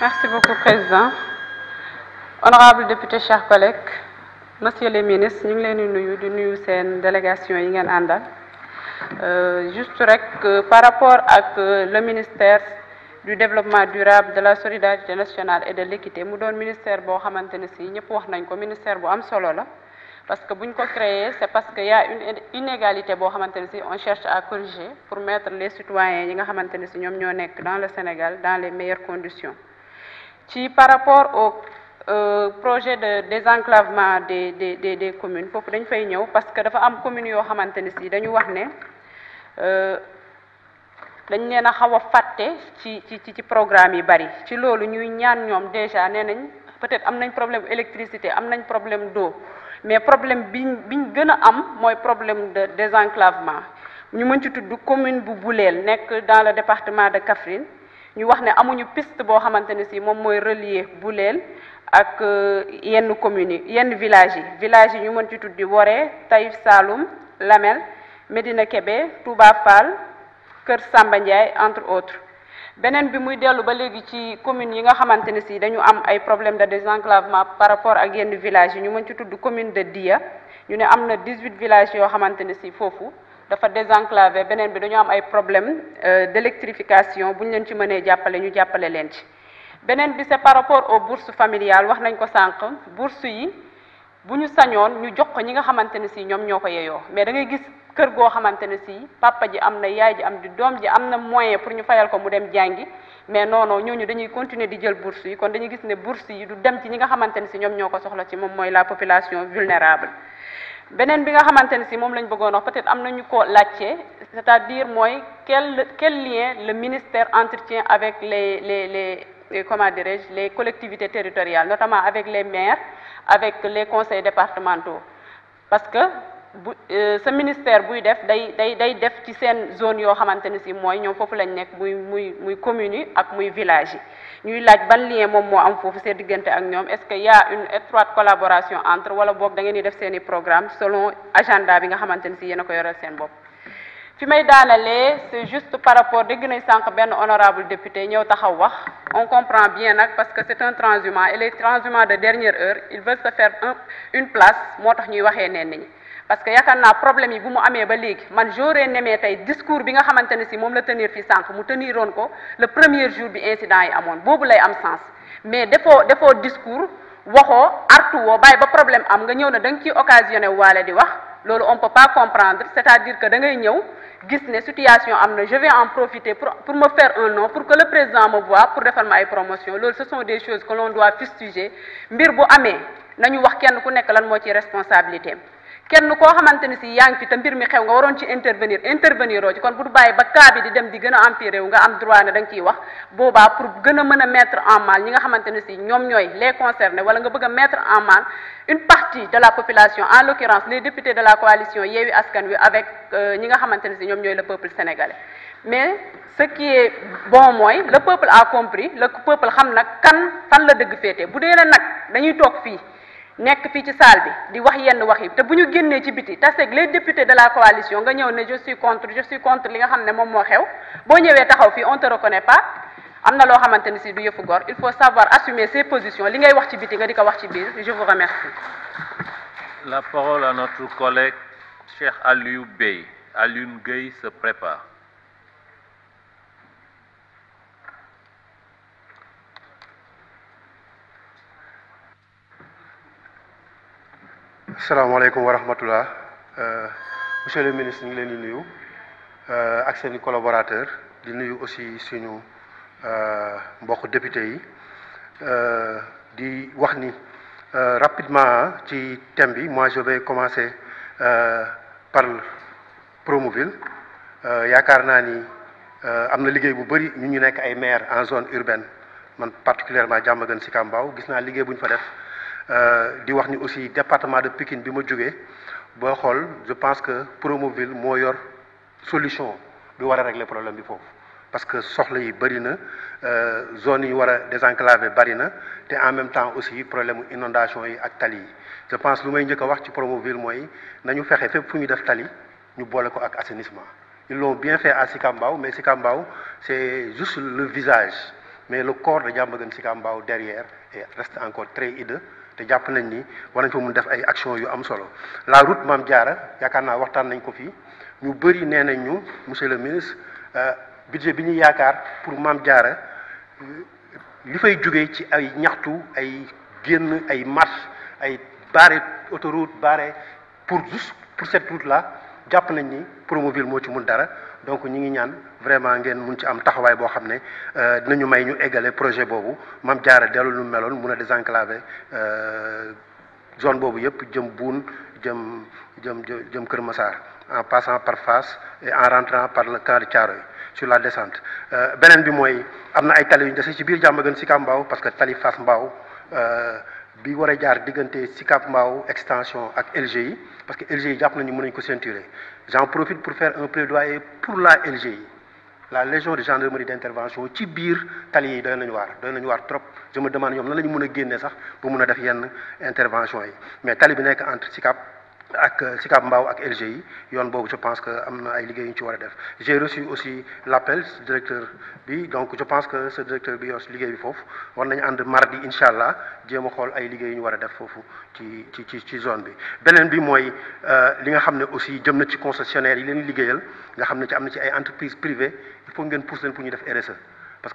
Merci beaucoup, Président. Honorable député, chers collègues, Monsieur les ministre, ñu ngi leen di nuyu di nuyu seen délégation yi ngeen àndal euh, juste rek euh, par rapport ak euh, le ministère du développement durable de la solidarité nationale et de l'équité mu doon ministère boo xamante ne si ñëpp wax nañ ko ministère bu am solo la parce que bu ñu ko créé c'est parce que y une inégalité boo xamante ne si on cherche à corriger pour mettre les citoyens yi nga xamante ne si ñoom ñoo nekk dans le Sénégal dans les meilleures conditions ci par rapport au euh, projet de désenclavement des des des des communes foofu dañ fay ñëw parce que dafa am communes yoo xamante ne si dañu wax ne euh, dañ leen a xaw a fàtte ci ci ci programme yi bari ci loolu ñuy ñaan ñoom déjà nee nañ peut-être am nañ problème électricité am nañ problème d'eau mais problème biñ biñ gën a am mooy problème de désenclavement ñu mën ci tudd commune bu buleel nekk dans le département de Kaffrine ñu wax ne amuñu piste boo xamante ne si moom mooy relier Boulel ak euh, yenn communes yi yenn villages yi villages yi ñu mën ci tuddi Woré Taïf Saloum Lamel Médina Kébé Touba Fall Kër Samba Ndiaye entre autres beneen bi muy dellu ba léegi ci communes yi nga xamante ne si dañu am ay problème de désenclavement par rapport ak yenn villages yi ñu mën ci tudd commune de Dia ñu ne am na 18 villages yoo xamante ne si foofu dafa désenclavé beneen bi dañoo am ay problème euh, d'électrification bu ñu leen ci mënee jàppale ñu jàppale leen ci beneen bi c'est par rapport au bourses familiales wax nañ ko sànq bourse yi bu ñu sañoon ñu jox ko ñi nga xamante ne si ñoom ñoo ko yeyoo mais da ngay gis kër goo xamante ne si papa am na yaay ji am di doom ji am na moyen pour ñu fayal ko mu dem jàngi mais non ñooñu dañuy continuer di jël bourse yi kon dañuy gis ne bourse yi du dem ci ñi nga xamante ne si ñoom ñoo ko soxla ci moom mooy la population vulnérable beneen bi nga xamante ne si moom la bëggoon wax peut-être am nañu ko laajte c'est-à-dire mooy quel quel lien le ministère entretien avec les les les Et comment dirais-je les collectivités territoriales notamment avec les maire avec les conseils départementaux parce que bu sa euh, ministère buy def day day day def ci seen zone yoo xamante ne si mooy ñoom foofu lañ nekk muy muy muy communes yi ak muy villages yi ñuy laaj ban lien moom moo am foofu see diggante ak ñoom est-ce que y a une étroite collaboration entre wala boog da ngeen di def seeni i programme selon agenda bi nga xamante ni si yéen a ko yoreel seen bopp fi may daanalee c'est juste par rapport dégg nañ sànq benn honorable député ñëw taxaw wax on comprend bien nag parce que c'est un transhumant et les transhumants de dernière heure ils veulent se faire un une place moo tax ñuy waxee neen ñi parce que yaakaar naa problème yi bu mu amee ba léegi man j'aurais aimé tey discours bi nga xamante ne si moom la tenir fi sànq mu teniroon ko le premier jour bi incident yi amoon boobu lay am sens mais defoo defoo discours waxoo artuwoo bàyyi ba problème am nga ñëw na danga nga ciy occasionné di wax loolu on peut pas comprendre c'est-à-dire que da ngay ñëw gis ne situation am na je vais en profiter pour pour me faire un nom pour que le président me voie pour defal ma ay promotion loolu ce sont des choses mbir bu amee nañu wax kenn ku nekk lan moo ci responsabilité kenn koo xamante ni si yaa ngi fi te mbir mi xew nga waroon ci intervenir intervenir oo ci kon bu du bàyyi ba cas di dem di gën a empirer wu nga am droit ne da nga ciy wax boobaa pour gën a mën a mettre en mal ñi nga xamante ni si ñoom ñooy les concernés wala nga bëgg a mettre en mal une partie de la population en l'occurrence les députés de la coalition Yewwi Askan Wi avec euh, ñi nga xamante ni si ñoom ñooy le peuple sénégalais mais ce qui est bon mooy le peuple a compris le peuple xam nag kan fan la dëgg féete bu dee nag dañuy toog fii nekk fii ci salle bi di wax yenn wax yi te bu ñu génnee ci biti taseeg les députés de la coalition nga ñëw ne je suis contre je suis contre li nga xam ne moom moo xew boo ñëwee taxaw fii on te reconnaît pas am na loo xamante ni si du yëfu gor il faut savoir assumer ses positions li ngay wax ci biti nga di ko wax ci biir je vous remercie. La parole à notre collègue Cheikh Aliou Bey Alioune Gueye se prépare. salaamaaleykum wa rahmatullah euh, monsieur le ministre ñu ngi leen di nuyu euh, ak seeni i di nuyu aussi suñu euh, mbokk député yi di wax ni rapidement ci thème bi mois je vais commencer par Promoville yaakaar naa ni am na liggéey bu bari ñu ñu nekk ay maire en zone urbaine man particulièrement Diamaguène Sicap Mbao gis naa liggéey bu ñu fa def Euh, di wax ni aussi département de Pikine bi ma jógee boo xool je pense que Promoville moo yor solution bi war a régler problème bi foofu parce que soxla yi bëri na euh, zone yi war a désenclavé bëri na te en même temps aussi problème inondation yi ak tali yi je pense lu may njëkk a wax ci Promoville mooy na ñu fexe fépp fu ñu def tali ñu boole ko ak assainissement ils l'ont bien fait à Sicap Mbao mais Sicap Mbao c'est juste le visage mais le corps de Diamaguène Sicap Mbao derrière et reste encore très hideux te jàpp nañ ni war nañ fa mun def ay action yu am solo la route Mame jaara yaakaar naa waxtaan nañ ko fii ñu bëri nee nañ ñu monsieur le ministre euh, budget bi ñu yaakaar pour Mame jaara euh, li fay jógee ci ay ñaxtu ay génn ay marche ay barre autoroute barre pour juste pour cette route là jàpp nañ ni Promoville moo ci mun dara donc ñi ngi ñaan vraiment ngeen mun ci am taxawaay boo xam ne euh, dinañu may ñu eggale projet boobu mam Diarra dellu lu meloon mun a désenclaver euh, zone boobu yëpp jëm buun jëm jëm jëm Kër Massar en passant par Fass et en rentrant par le camp de Thiaroye sur la descente euh, beneen bi mooy am na ay tali yu ñu dese ci biir Diamaguène Sicap Mbao parce que tali Fass Mbao bi war a jaar diggante Sicap Mbao extension ak LGI parce que LGI jàpp nañu mën nañu ko ceinturer j'en profite pour faire un plaidoyer pour la LGI la légion de gendarmerie d'intervention ci biir tali yi doy nañu waar doy nañu waar trop je me demande ñoom nan la ñu mën a génnee sax ba mun a def yenn intervention yi mais tali bi nekk entre Sicap ak Sicap Mbao ak yi yoon boobu je pense que am na ay liggéey yu ñu ci war a def j'ai reçu aussi l'appel directeur bi donc je pense que ce directeur bi yor liggéey bi foofu war nañu ànd mardi incha allah jéem a xool ay liggéey ñu war a def foofu ci ci ci ci zone bi. beneen bi mooy euh, li nga xam ne aussi jëm na ci concessionnaire yi leen liggéeyal nga xam ne ci am na ci ay entreprise privées il faut ngeen pousse leen pour ñu def RSE.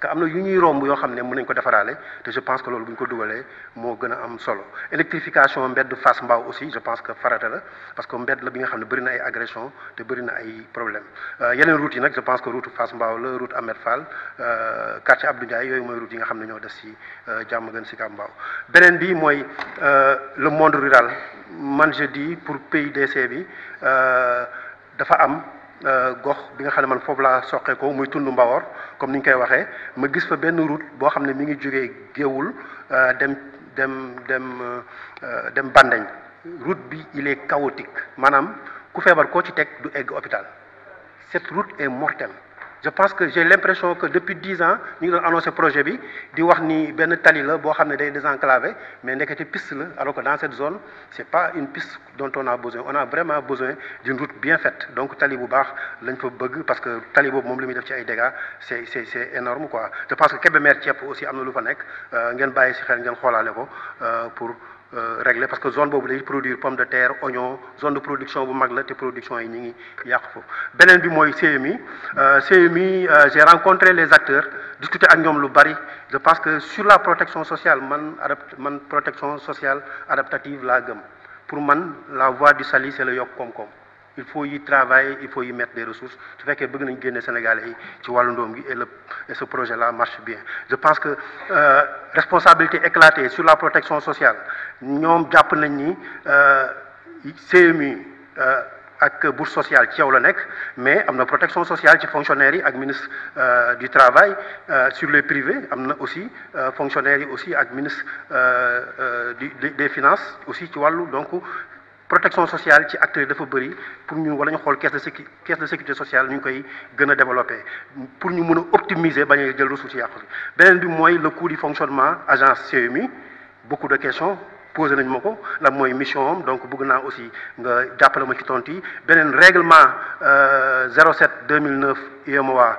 parce que am na yu ñuy romb yoo xam ne mën nañ ko defaraale te je pense que loolu bu ñu ko dugalee moo gën a am solo électrification mbedd Fass Mbao aussi je pense que farata la parce que mbedd la bi nga xam ne bëri na ay agression te bëri na ay problème euh, yeneen route yi nag je pense que route Fass Mbao la route Ahmed Fall euh, quartier Abdou Ndiaye yooyu mooy route yi nga xam ne ñoo des si euh, jàmm gën si Mbao beneen bi mooy le monde rural man je dis pour PUDC bi dafa Euh, gox bi nga xam ne man foofu laa soqee ko muy tund Mbawor comme ni ñu koy waxee ma gis fa benn route boo xam ne mu ngi jógee géewul euh, dem dem dem euh, dem Bandañ route bi il est maanaam ku feebar koo ci teg du egg hôpital cette route est mortelle je pense que j'ai l'impression que depuis dix ans ñu ngi doon annoncé projet bi di wax ni benn tali la boo xam ne day désenclavé mais nekkati piste la alors que dans cette zone c'est pas une piste dont on a besoin on a vraiment besoin d'une route bien faite donc tali bu baax lañ fa bëgg parce que tali boobu moom li muy def ci ay dégâts c'est c'est c'est énorme quoi je pense que Kébémer ceeb aussi am na lu fa nekk euh, ngeen bàyyi si xel ngeen xoolaale ko euh, pour Euh, régler parce que zone boobu lay produire pomme de terre oignon zone de production bu mag la te production y ñu ngi yàq foofu beneen bi mooy CMI euh, CMI euh, j'ai rencontré les acteurs discuté ak ñoom lu bari je pense que sur la protection sociale man adapt man protection sociale adaptative laa gëm pour man la voie du SALI c'est le yokk koom-koom il faut y travailler il faut y mettre des ressources su fekkee bëgg nañ génne Sénégalais yi ci wàllu ndoom gi et le ce projet là marche bien je pense que euh, responsabilité éclatée sur la protection sociale ñoom jàpp nañ ni euh, CMU euh, ak bourse sociale ci yow la nekk mais am na protection sociale ci fonctionnaires yi ak ministre euh, du travail sur les privés am na aussi fonctionnaire yi aussi ak ministre du des finances aussi ci wàllu donc protection sociale ci acteurs yi dafa bëri pour ñu wala ñu xool caisse de sécu caisse de sécurité sociale ñu koy gën a développé pour ñu mën a optimiser bañ a jël ressources yàqu beneen bi mooy le coût du fonctionnement agence CMU beaucoup de questions posé nañu ma ko lan mooy mission donc bëgg naa aussi nga jàppale ma ci tont yi beneen règlement 07 2009 UEMOA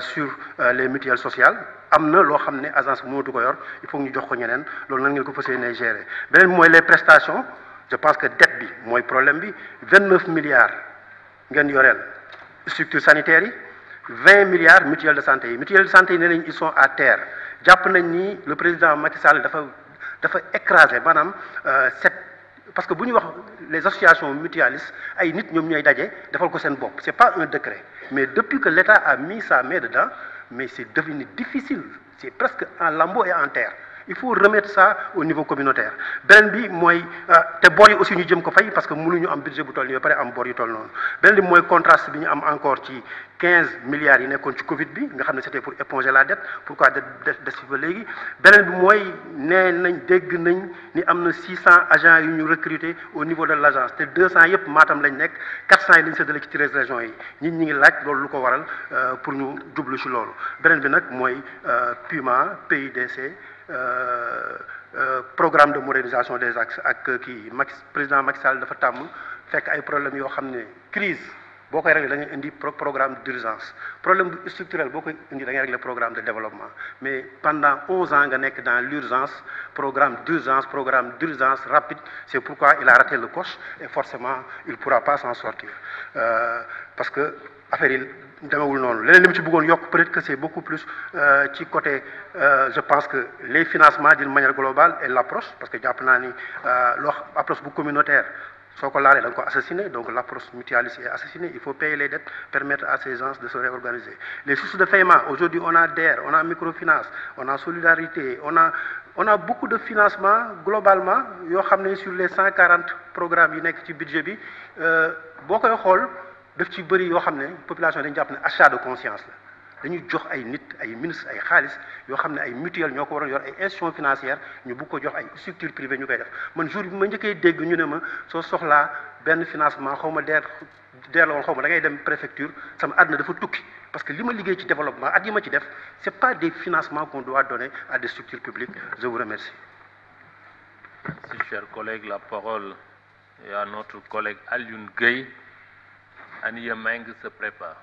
sur euh, les mutuelles sociales am na loo xam ne agence bi ko yor il faut ñu jox ko ñeneen loolu nan ngeen ko fas yéenee gérer beneen bi mooy les prestations. je pense que dette bi mooy problème bi vingt neuf milliards ngeen yoreel structures sanitaires yi vingt milliards mutuelle de santé yi mutuelle de santé yi nee nañ ils sont à terre jàpp nañ ni le président Macky Sall dafa dafa écrasé maanaam cette euh, parce que bu ñu wax les associations mutualistes ay nit ñoom ñooy daje defal ko seen bopp c'est pas un décret mais depuis que l'État a mis sa main dedans mais c'est devenu difficile c'est presque en lambeaux et en terre il faut remettre ça au niveau communautaire beneen bi mooy euh, te bor yi aussi ñu jëm ko fay parce que ñu am budget bu toll nii ba pare am bor yu toll noonu beneen bi mooy contraste bi ñu am encore ci milliards yi nekkoon ci Covid bi nga xam ne c'était pour éponger la dette pourquoi dette des fi ba léegi beneen bi mooy nee nañ dégg nañ ni am na six cent agents yu ñu recruter au niveau de l'agence te deux cent yëpp Matam lañ nekk quatre cent yi lañ séddale ci treize régions yi nit ngi laaj loolu lu ko waral euh, pour ñu jublu ci loolu beneen bi nag mooy Puma euh, PUDC. Euh, euh, programme de modernisation des axes ak kii max président Macky Sall dafa tàmm fekk ay problèmes yoo xam ne crise boo koy réglé da ngay indi programme d'urgence problème structurel boo koy indi da ngay réglé programme de développement mais pendant onze ans nga nekk dans l'urgence programme d'urgence programme d'urgence rapide c'est pourquoi il a raté le coche et forcément il pourra pas s'en sortir euh, parce que affaire yi demewul noonu leneen li mu ci bëggoon yokk peut-être que c'est beaucoup plus euh, ci côté euh, je pense que les financements d'une manière globale et l'approche parce que jàpp naa ni euh, loo approche bu communautaire soo ko laalee da ko assassiné donc l'approche mutualiste est assassinée il faut payer les dettes permettre à ces gens de se réorganiser les sources de paiement aujourd'hui on a DER on a microfinance on a solidarité on a on a beaucoup de financement globalement yoo xam ne sur les 140 programmes yi nekk ci budget bi boo koy xool def ci bëri yoo xam ne population dañu jàpp ne achat de conscience la dañu jox ay nit ay ministre ay xaalis yoo xam ne ay mutuelle ñoo ko waroon yor ay institution financière ñu bugg ko jox ay structure privée ñu koy def man jour bi ma njëkkee dégg ñu ne ma soo soxlaa benn financement xaw ma deer deer la woon xaw ma da ngay dem préfecture sama àdduna dafa tukki parce que li ma liggéey ci développement at yi ma ci def c' est pas des financements qu'on doit donner à des structures publiques je vous remercie la parole est à notre collègue and your mind is a